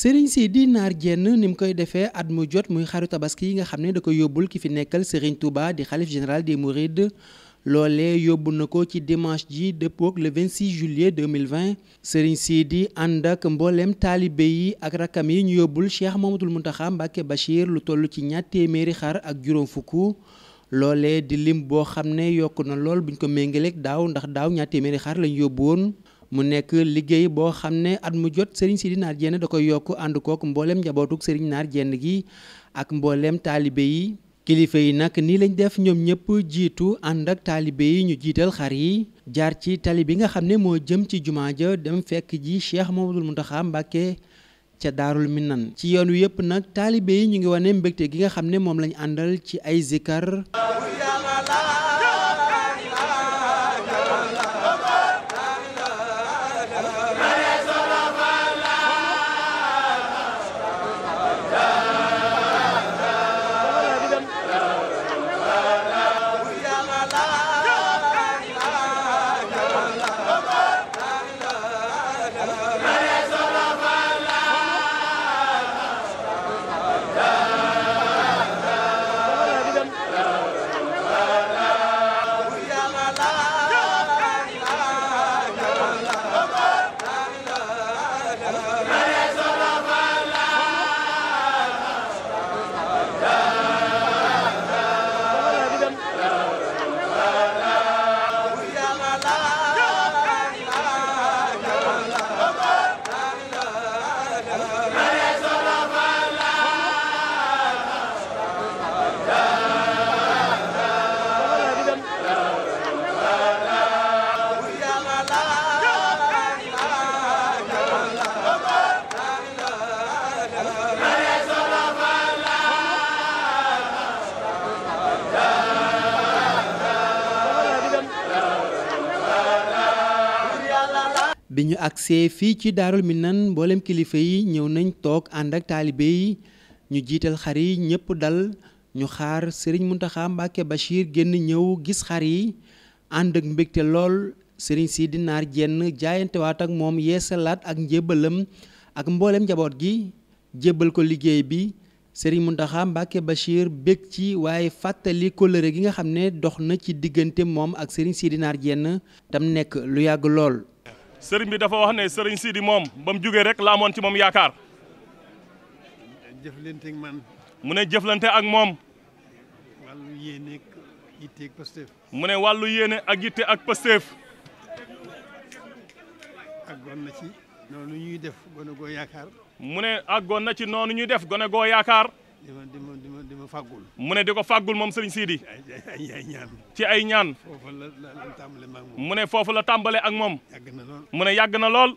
sëriñ di Naar Jenn ni mu koy defee at mu jot muy xaru tabaski yi nga xam ne da ko yóbbul ki fi nekkal sëriñ Touba di xalif général des Mourides loolee yóbbu na ko ci dimanche ji dëppook le 26 juillet 2020 sëriñ Sidi ànd ak mbooleem taalibe yi ak rakkam yi ñu yóbbul Cheikh Mamadul Muntaxa Mbàkke Bachir lu toll ci ñaar téeméeri xar ak juróom fukk loolee di lim boo xam ne yokk na lool buñ ko méngileek daaw ndax daaw ñaar téeméeri xar lañu yóbbu woon mu nekk liggéey boo xam ne at mu jot Serigne Sidi Naar Diène da koy yokk ànd kook mbooleem njabootug Serigne Naar Diène gi ak mbooleem taalibe yi kilifa yi nag nii lañ def ñoom ñëpp jiitu ànd ak taalibe yi ñu jiital xar yi jaar ci tali bi nga xam ne moo jëm ci jumaa ja dem fekk ji Cheikh Mamadou Mountakha Mbacké ca daarul minan ci yoon wi yëpp nag taalibe yi ñu ngi wane mbégte gi nga xam ne moom lañu àndal ci ay zikar bi ñu fii ci daarul minan mboolem kilifa yi ñëw nañ toog ànd ak taalibe yi ñu jiital xar yi ñëpp dal ñu xaar Serigne Mountakha Mbacké Bachir génn ñëw gis xar yi ànd ak mbégte lool Serigne Sidi Naar Diène jaayantewaat ak moom yeesalaat ak njébbalam ak mboolem njaboot gi jébbal ko liggéey bi Serigne Mountakha Mbacké Bachir bég ci waaye fàttali kóllëre gi nga xam ne dox na ci diggante moom ak Serigne Sidi Naar Diène tam nekk lu yàgg lool. sëriñ bi dafa wax ne sëriñ Sidi moom ba mu jógee rek la ci moom yaakaar. jëflante man. mu ne jëflante ak moom. wàllu yéene ak yitte ak Pastef. mu ne wàllu yéene ak yitte ak Pastef. àggoon na ci noonu ñuy def gone goo yaakaar. mu ne àggoon na ci noonu ñuy def gone goo yaakaar. di ma ma di ma mu ne di ko fàggul moom sëriñ Sidi. ci ay ñaan. ci ay ñaan. foofu la la tàmbalee ak mu ne foofu la tàmbalee ak moom. yàgg na lool mu ne yàgg na lool.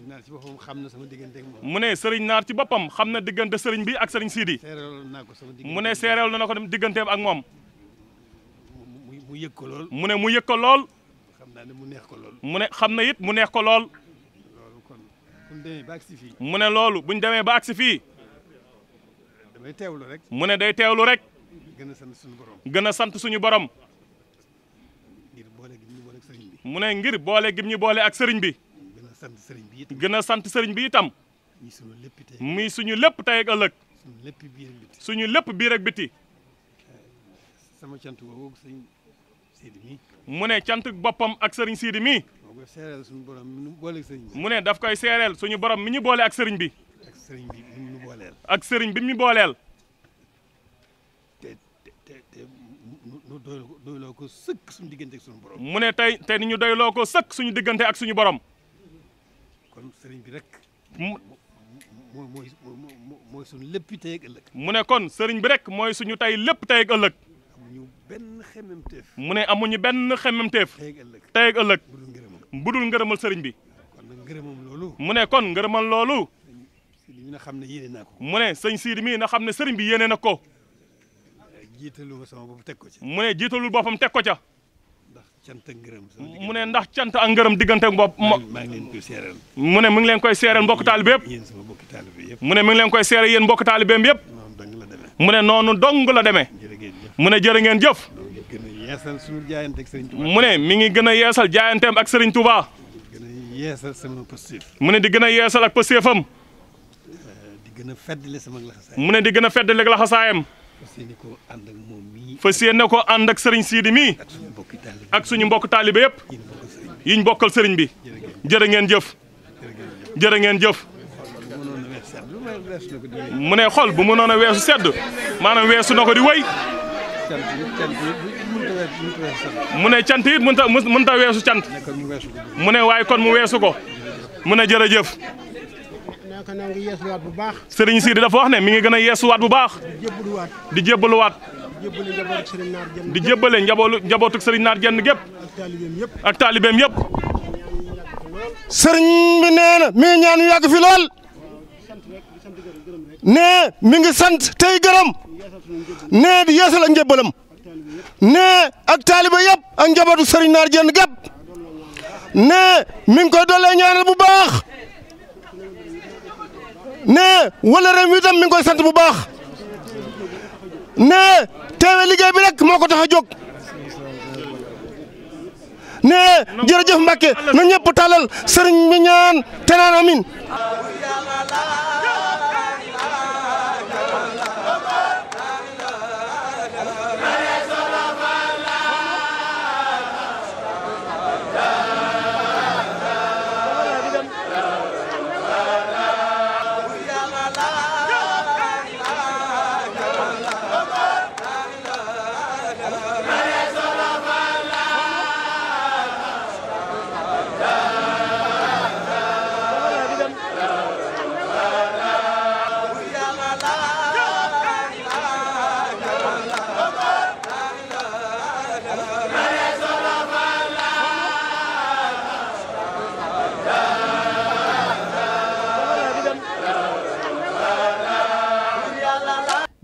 sëriñ naar ci boppam xam na sama diggante ak mu ne sëriñ naar ci boppam xam na diggante sëriñ bi ak sëriñ Sidi. seereeloon naa ko sama diggante mu ne seereeloon na ko dem digganteem ak moom. mu yëg ko lool mu ne mu yëg lool. xam naa ne mu neex ko lool. mu ne xam na it mu neex ko lool. loolu bu ñu demee ba agsi fii. fii. day teewlu rek. mu ne day teewlu rek. gën a sant suñu borom. gën a sant suñu borom. ngir boole gi ñu mu ne ngir boole gi ñu boole ak sëriñ bi. gën sant sëriñ bi itam. gën a sant sëriñ bi itam. muy suñu lépp tey. suñu lépp tey ak ëllëg. suñu lépp biir ak biti. suñu lépp biir ak biti. sama cant boobu sëriñ Sidi mii. mu ne cant boppam ak sëriñ Sidi mii. mu ne daf koy seereel suñu borom mi ñu boole ak sëriñ bi. ak sëriñ bi. ak sëriñ bi muy booleel. te te mu ko sëkk diggante suñu borom. mu ne tey te ni ñu doyloo ko sëkk suñu diggante ak suñu borom. kon sëriñ bi rek. mu mooy mooy mu ne kon sëriñ bi rek mooy suñu tey lépp tey ak ëllëg. amuñu benn mu ne amuñu benn xemmemteef. tey ak ëllëg tey ak ëllëg. budul ngërëmal budul ngërëmal sëriñ bi. kon nag ngërëmam loolu. mu ne kon ngërëmal loolu. mu ne sëñ Sidi mii na xam ne sëriñ bi yéene na ko. jiitalul sama bopp teg ko ca. mu ne jiitalul boppam teg ko ca. ndax cant ak ngërëm. mu ne ndax cant ak ngërëm diggante ak maa ngi leen koy seeral. mu ne mi ngi leen koy seeral mbokk taalibe yëpp. yéen sama mbokk taalibe yëpp. mu ne mi ngi leen koy seeral yéen mbokk taalibeem yëpp. mu ne noonu dong la demee. mu ne jërë ngeen jëf. mu ne mi ngi gën a yeesal jaayanteem ak Serigne Touba. mu ne di gën a yeesal ak pëstéefam gën a feddale sama laxasaayam mu ne di gën a feddale laxasaayam fas yéene ko ànd ak moom ko ànd ak sëriñ Sidi mii ak suñu mbokk taalibe yépp yiñ bokkal sëriñ bi jërë ngeen jëf jërë ngeen jëf mu ne xol bu mënoon weesu sedd maanaam weesu na ko di wéy mu ne cant it mënta mënta weesu cant mu ne waaye kon mu weesu ko mu ne jërëjëf sëriñ Sidi dafa wax ne mi ngi gën a yeesuwaat bu baax. di jébbaluwaat. di jébbale njaboolu njabootuk sëriñ naar jenn gépp ak taalibeem yëpp. sëriñ bi nee na mi ngi ñaan yàgg fi lool. nee mi ngi sant tey gërëm. nee di yeesal ak njébbalam. nee ak taalibe yëpp ak njabootu sëriñ naar jenn gépp nee mi ngi koy doole ñaanal bu baax. nee wala ren wi tam mi koy sant bu baax nee teewe liggéey bi rek moo ko tax a jog nee jërëjëf Mbacke na ñëpp tàllal sëriñ bi ñaan te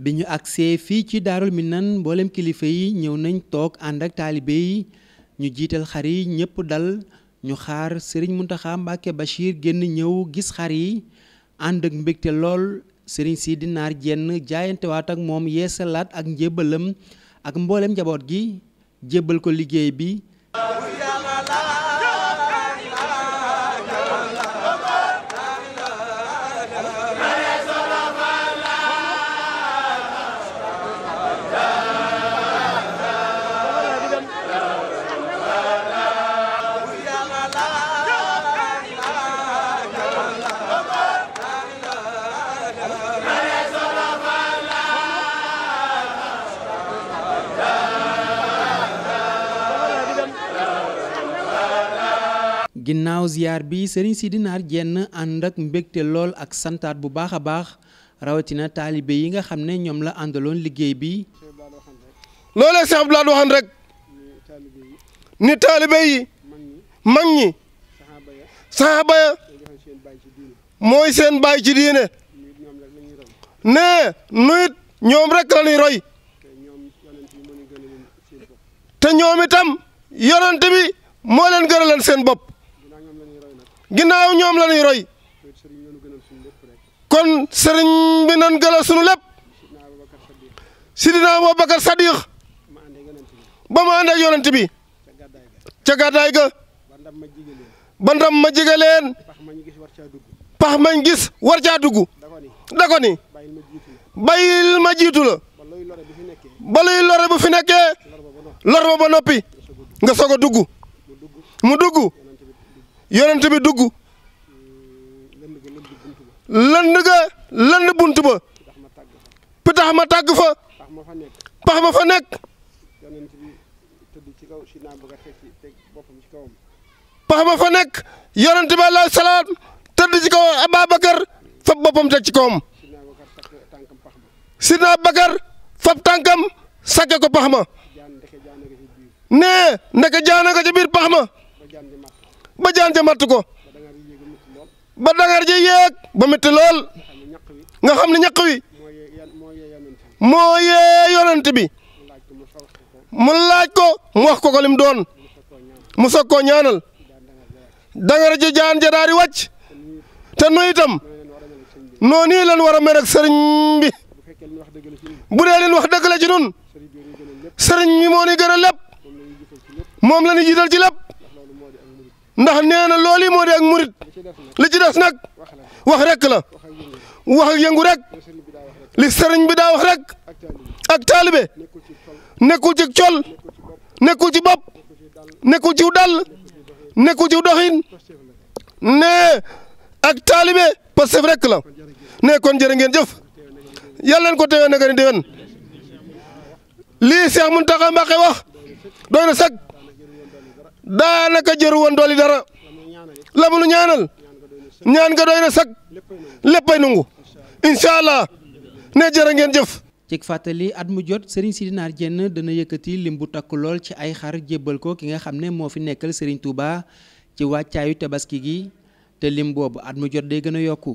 bi ñu agsee fii ci daarul minan mboolem kilifa yi ñëw nañu toog ànd ak taalibe ñu jiital xar yi ñëpp dal ñu xaar sëriñ Muntaxa Mbàkke Bachir génn ñëw gis xar yi ànd ak mbégte lool sëriñ Sidi Naar jenn jaayantewaat ak moom yeesalaat ak njébbalam ak mboolem njaboot gi jébbal ko liggéey bi ginnaaw ziar bi sëriñ Sidi Naar Diène ànd ak mbégte lool ak santaat bu baax a baax rawatina taalibe yi nga xam ne ñoom la àndaloon liggéey bi. loolee Cheikh Abdoulaye waxan rek ni taalibe yi mag ñi saxaaba ya mooy seen baay ci diine nee nuyut ñoom rek la roy te ñoom itam yonent bi moo leen gënaleen seen bopp ginnaaw ñoom la ñuy roy kon sëriñ bi nan gëlal sunu lépp sidina Abubakar Sadiq ba mu ànd ak yonent bi ca gàddaay ga ba ndam ma jige leen pax mañ gis war caa dugg da ko ni bàyyil ma jiitu la ba luy lore bu fi nekkee lor ba ba noppi nga soog a dugg mu dugg yonent bi dugg lënd ga lënd bunt ba pitax ma tàgg fa pax ma fa nekk pax ma fa nekk yonent bi alayhi salaam tëdd ci kaw Ababakar fab boppam teg ci kawam sidna Abakar fab tànkam sàkke ko pax ma nee ndeke jaana ko ci biir pax ma ba jaan ja matt ko ba dangar ji yéeg ba métti lool nga xam ne ñaq wi moo yee yonent bi mu laaj ko mu wax ko ko lim doon mu soog koo ñaanal dangar ji jaan ja daal di wàcc te nuyu itam noonu lan war a mel ak sëriñ bi bu dee leen wax dëgg la ci nun sëriñ bi moo ni gën a lépp moom la ñu jiital ci lépp ndax nee na loolu moo di ak murit li ci des nag wax rek la wax yëngu rek li sëriñ bi daa wax rek ak taalibe nekkul ci col nekkul ci bopp nekkul ci dal nekkul ci doxin nee ak taalibe Pastef rek la nee kon jërë ngeen jëf yàlla leen ko teewee naka ni déwén lii Cheikh Mountakha Mbacké wax doy na daanaka jëru woon dooli dara la mu ñaanal ñaan nga doy na sag léppay nungu incha allah ne jërë ngeen jëf. cig fàttali at mu jot Serigne Sidy Nar Diène dana yëkkati lim bu takk lool ci ay xar jébbal ko ki nga xam ne moo fi nekkal Serigne Touba ci wàccaayu tabaski gi te lim boobu at mu jot day gën a yokku.